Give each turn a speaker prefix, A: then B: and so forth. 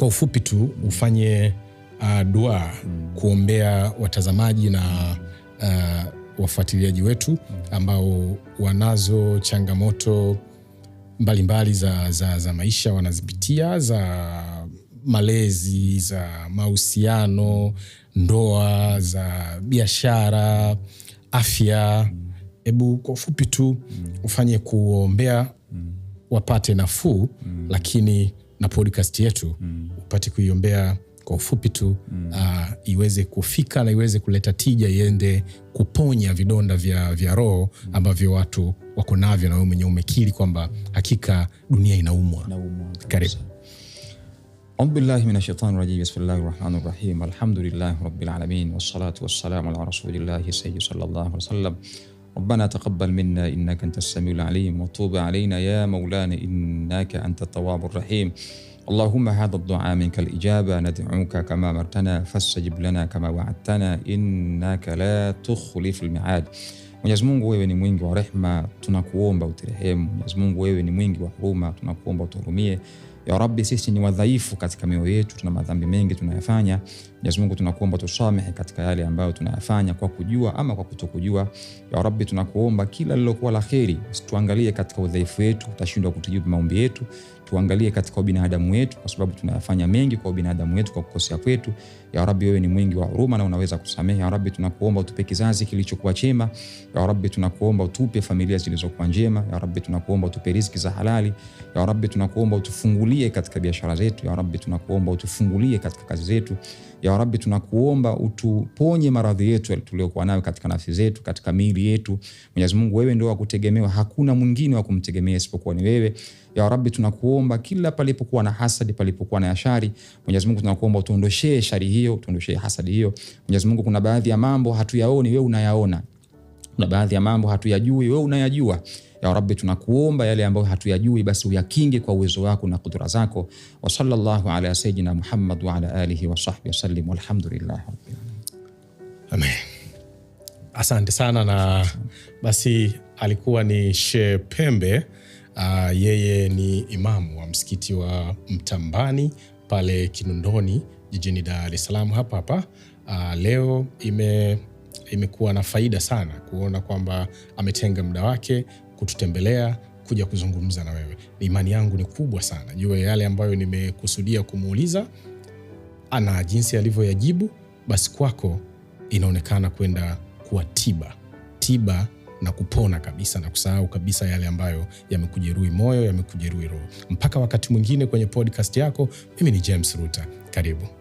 A: Kwa ufupi tu ufanye uh, dua kuombea watazamaji na uh, wafuatiliaji wetu ambao wanazo changamoto mbalimbali mbali za, za, za maisha wanazipitia za malezi, za mahusiano, ndoa, za biashara, afya. Hebu kwa ufupi tu ufanye kuombea wapate nafuu, lakini na podcast yetu mm. upate kuiombea kwa ufupi tu mm. uh, iweze kufika na iweze kuleta tija, iende kuponya vidonda vya, vya roho mm. ambavyo watu wako navyo, na wewe mwenyewe umekili kwamba hakika dunia inaumwa.
B: Karibu. min rajim bismillahi rahmani rahim alhamdulillahi wassalatu wassalamu ala rasulillahi sallallahu alaihi wasallam إنك أنت التواب الرحيم اللهم هذا الدعاء منك الإجابة ندعوك كما مرتنا فاستجب لنا كما وعدتنا إنك لا تخلف الميعاد Mwenyezi Mungu wewe ni mwingi wa rehma, tunakuomba utirehemu. Mwenyezi Mungu wewe ni mwingi wa huruma, tunakuomba utuhurumie. Ya Rabbi, sisi ni wadhaifu katika mioyo yetu, tuna madhambi mengi tunayafanya. Mwenyezi Mungu, tunakuomba tusamehe katika yale ambayo tunayafanya kwa kujua ama kwa kutokujua. Ya Rabbi, tunakuomba kila lilokuwa la kheri, usituangalie katika udhaifu wetu, utashindwa kutujibu maombi yetu. Tuangalie katika ubinadamu wetu, kwa sababu tunayafanya mengi kwa ubinadamu wetu, kwa kukosea kwetu. Ya Rabbi, wewe ni mwingi wa huruma na unaweza kusamehe. Ya Rabbi, tunakuomba utupe kizazi kilichokuwa chema. Ya Rabbi, tunakuomba utupe familia zilizokuwa njema. Ya Rabbi, tunakuomba utupe riziki za halali. Ya Rabbi, tunakuomba utufungulie utufungulie katika biashara zetu, ya Rabbi tunakuomba utufungulie katika kazi zetu, ya Rabbi tunakuomba utuponye maradhi yetu tuliokuwa nayo katika nafsi zetu, katika miili yetu. Mwenyezi Mungu, wewe ndio wakutegemewa hakuna mwingine wa kumtegemea isipokuwa ni wewe. Ya Rabbi tunakuomba kila palipokuwa na hasadi, palipokuwa na yashari, Mwenyezi Mungu tunakuomba utuondoshee shari hiyo, utuondoshee hasadi hiyo. Mwenyezi Mungu, kuna baadhi ya mambo hatuyaoni, wewe unayaona. Kuna baadhi ya mambo hatuyajui, wewe unayajua ya Rabbi, tunakuomba yale ambayo hatuyajui, basi uyakinge kwa uwezo wako na kudura zako. Wa sallallahu ala sayidina Muhammad wa ala alihi wa sahbihi wasallim, walhamdulillah.
A: Amen. Asante sana na basi, alikuwa ni she Pembe. Uh, ah, yeye ni imamu wa msikiti wa Mtambani pale Kinondoni jijini Dar es Salaam hapa hapa. Uh, leo ime imekuwa na faida sana kuona kwamba ametenga muda wake kututembelea kuja kuzungumza na wewe. Imani yangu ni kubwa sana jue yale ambayo nimekusudia kumuuliza ana jinsi alivyoyajibu, basi kwako inaonekana kwenda kuwa tiba tiba na kupona kabisa na kusahau kabisa yale ambayo yamekujeruhi moyo, yamekujeruhi roho. Mpaka wakati mwingine kwenye podcast yako, mimi ni James Ruta, karibu.